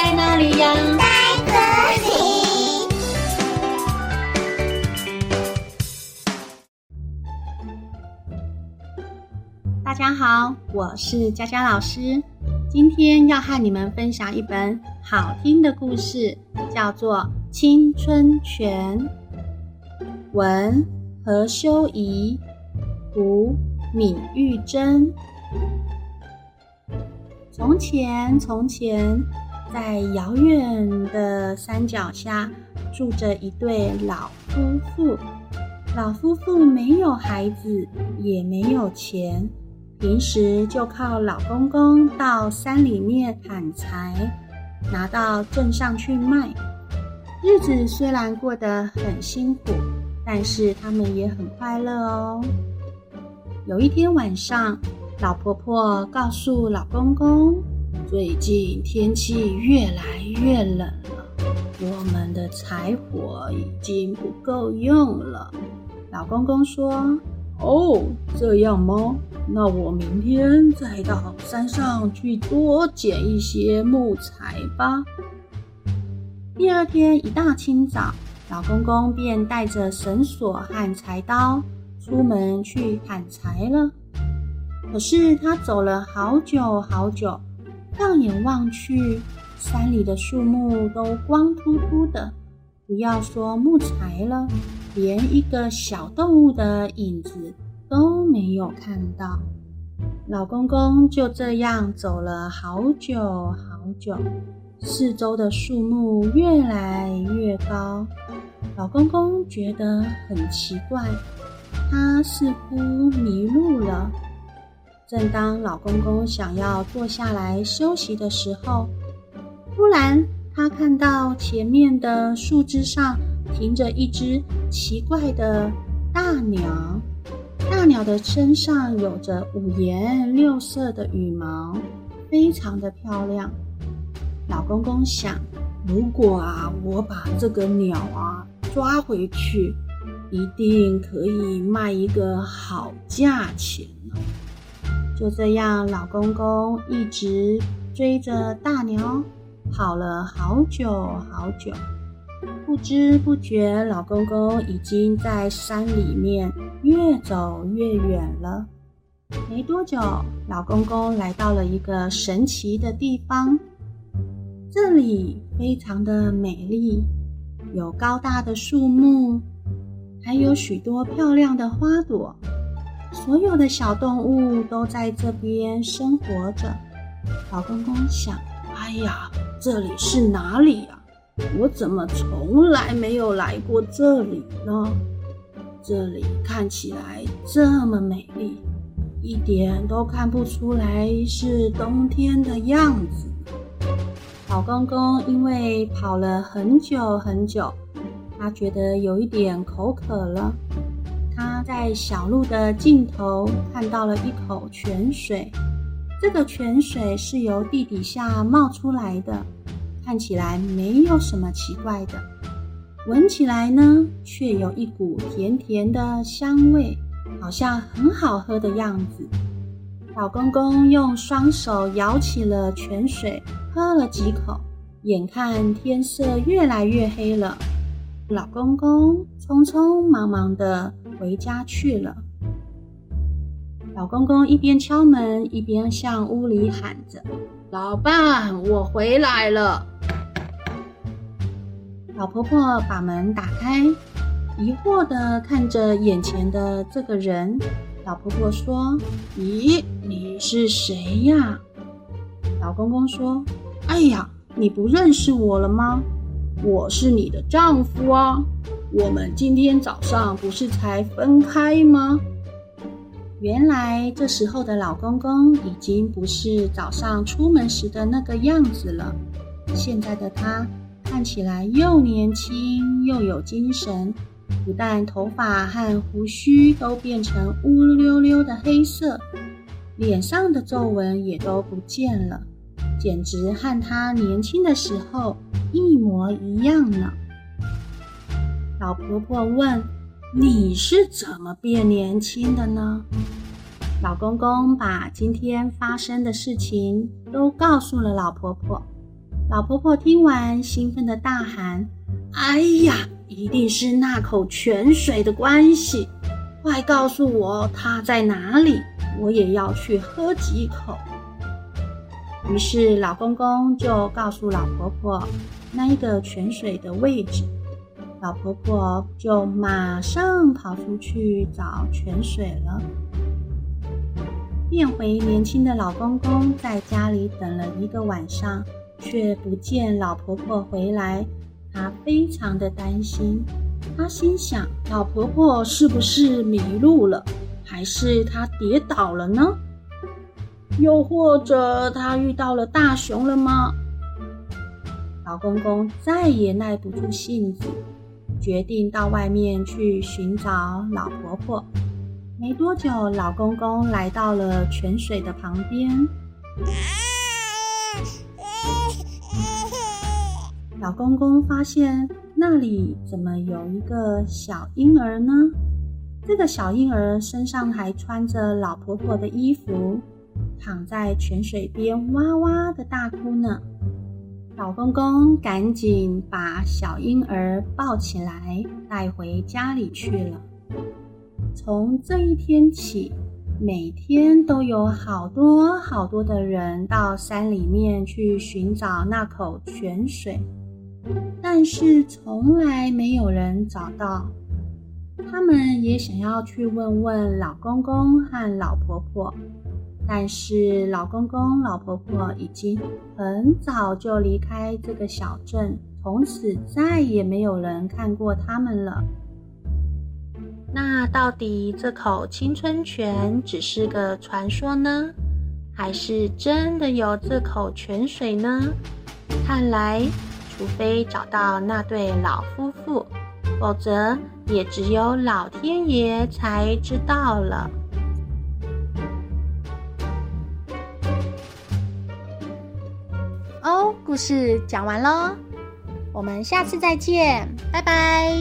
在哪裡呀？在這裡。大家好，我是佳佳老師，今天要和你們分享一本好聽的故事，叫做《青春泉》，文何修儀，圖敏玉珍。從前，從前。在遙遠的山腳下，住着一對老夫婦。老夫婦沒有孩子，也沒有錢，平時就靠老公公到山裡面砍柴，拿到鎮上去賣。日子雖然過得很辛苦，但是他們也很快樂哦。有一天晚上，老婆婆告訴老公公。最近天氣越來越冷了，我們的柴火已經不夠用了。老公公說：“哦，這樣嗎？那我明天再到山上去多撿一些木材吧。”第二天一大清早，老公公便帶着繩索和柴刀出門去砍柴了。可是他走了好久好久。放眼望去，山裡的樹木都光禿禿的，不要說木材了，連一個小動物的影子都沒有看到。老公公就這樣走了好久好久，四周的樹木越來越高，老公公覺得很奇怪，他似乎迷路了。正當老公公想要坐下來休息的時候，突然他看到前面的樹枝上停着一隻奇怪的大鳥。大鳥的身上有着五顏六色的羽毛，非常的漂亮。老公公想，如果啊我把這個鳥啊抓回去，一定可以賣一個好價錢呢。就這樣，老公公一直追着大牛跑了好久好久，不知不覺，老公公已經在山裡面越走越遠了。沒多久，老公公來到了一個神奇的地方，這裡非常的美麗，有高大的樹木，還有許多漂亮的花朵。所有的小動物都在這邊生活着。老公公想：“哎呀，這裡是哪裡呀？我怎麼從來沒有來過這裡呢？這裡看起來這麼美麗，一點都看不出來是冬天的樣子。”老公公因為跑了很久很久，他覺得有一點口渴了。在小路的盡頭看到了一口泉水，這個泉水是由地底下冒出來的，看起來沒有什麼奇怪的，聞起來呢卻有一股甜甜的香味，好像很好喝的樣子。老公公用雙手舀起了泉水，喝了幾口，眼看天色越來越黑了，老公公匆匆匆忙忙的。回家去了。老公公一邊敲門，一邊向屋裡喊着：“老伴，我回來了。”老婆婆把門打開，疑惑地看着眼前的這個人。老婆婆說：“咦，你是誰呀？”老公公說：“哎呀，你不認識我了嗎？我是你的丈夫哦！”我們今天早上不是才分開嗎？原來這時候的老公公已經不是早上出門時的那個樣子了。現在的他看起來又年輕又有精神，不但頭髮和鬍鬚都變成烏溜溜的黑色，臉上的皺紋也都不見了，簡直和他年輕的時候一模一樣呢。老婆婆問：“你是怎麼變年輕的呢？”老公公把今天發生的事情都告訴了老婆婆。老婆婆聽完，興奮地大喊：“哎呀，一定是那口泉水的關係！快告訴我它在哪裡，我也要去喝幾口。”於是老公公就告訴老婆婆那一個泉水的位置。老婆婆就馬上跑出去找泉水了。變回年輕的老公公在家裡等了一個晚上，卻不見老婆婆回來，他非常的擔心。他心想：老婆婆是不是迷路了？還是她跌倒了呢？又或者她遇到了大熊了嗎？老公公再也耐不住性子，決定到外面去尋找老婆婆。沒多久，老公公來到了泉水的旁邊。老公公發現那裡怎麼有一個小嬰兒呢？這個小嬰兒身上還穿着老婆婆的衣服，躺在泉水邊哇哇地大哭呢。老公公趕緊把小嬰兒抱起來，帶回家裡去了。從這一天起，每天都有好多好多的人到山裡面去尋找那口泉水，但是從來沒有人找到。他們也想要去問問老公公和老婆婆。但是老公公、老婆婆已經很早就離開這個小鎮，從此再也沒有人看過他們了。那到底這口青春泉只是個傳說呢？還是真的有這口泉水呢？看來，除非找到那對老夫婦，否則也只有老天爺才知道了。哦，故事講完嘍，我們下次再見，拜拜。